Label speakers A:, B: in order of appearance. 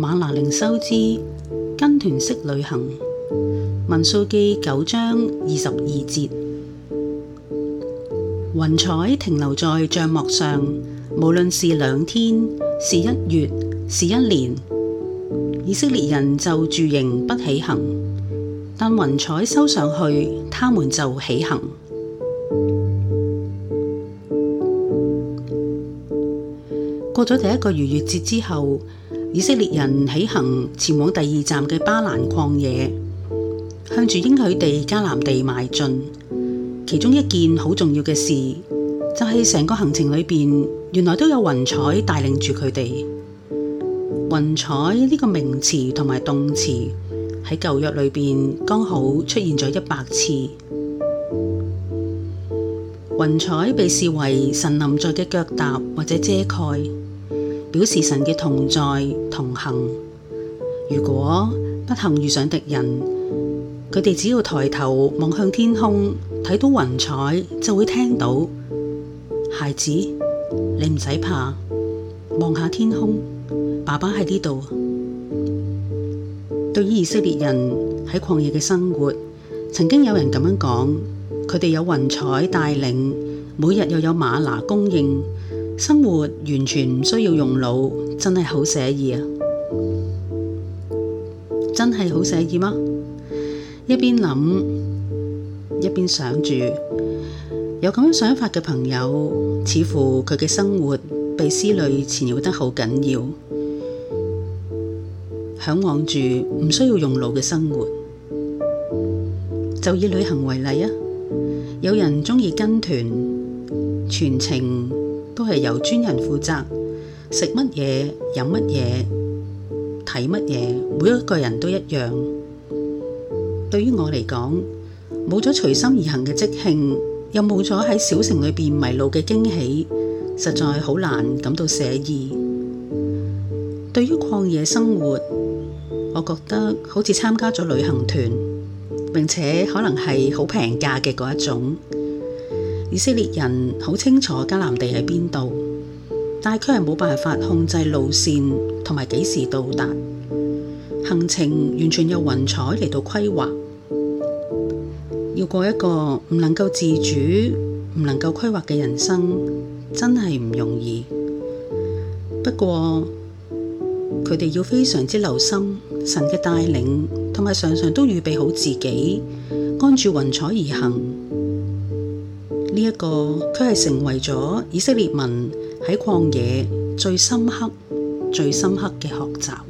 A: 馬拿靈修之跟團式旅行，民數記九章二十二節，雲彩停留在帳幕上，無論是兩天，是一月，是一年，以色列人就住營不起行，但雲彩收上去，他們就起行。過咗第一個逾越節之後。以色列人起行前往第二站嘅巴蘭曠野，向住應許地迦南地邁進。其中一件好重要嘅事，就係、是、成個行程裏邊，原來都有雲彩帶領住佢哋。雲彩呢個名詞同埋動詞喺舊約裏邊，剛好出現咗一百次。雲彩被視為神臨在嘅腳踏或者遮蓋。表示神嘅同在同行。如果不幸遇上敵人，佢哋只要抬頭望向天空，睇到雲彩，就會聽到：孩子，你唔使怕，望下天空，爸爸喺呢度。對於以色列人喺曠野嘅生活，曾經有人咁樣講：佢哋有雲彩帶領，每日又有馬拿供應。生活完全唔需要用腦，真係好寫意啊！真係好寫意嗎？一邊諗，一邊想住，有咁樣想法嘅朋友，似乎佢嘅生活被思慮纏繞得好緊要，向往住唔需要用腦嘅生活，就以旅行為例啊！有人鍾意跟團，全程。都係由專人負責，食乜嘢，飲乜嘢，睇乜嘢，每一個人都一樣。對於我嚟講，冇咗隨心而行嘅即興，又冇咗喺小城裏邊迷路嘅驚喜，實在好難感到寫意。對於曠野生活，我覺得好似參加咗旅行團，並且可能係好平價嘅嗰一種。以色列人好清楚迦南地喺邊度，但係佢哋冇辦法控制路綫同埋幾時到達，行程完全由雲彩嚟到規劃。要過一個唔能夠自主、唔能夠規劃嘅人生，真係唔容易。不過佢哋要非常之留心神嘅帶領，同埋常常都預備好自己，按住雲彩而行。呢一個佢係成為咗以色列民喺曠野最深刻、最深刻嘅學習。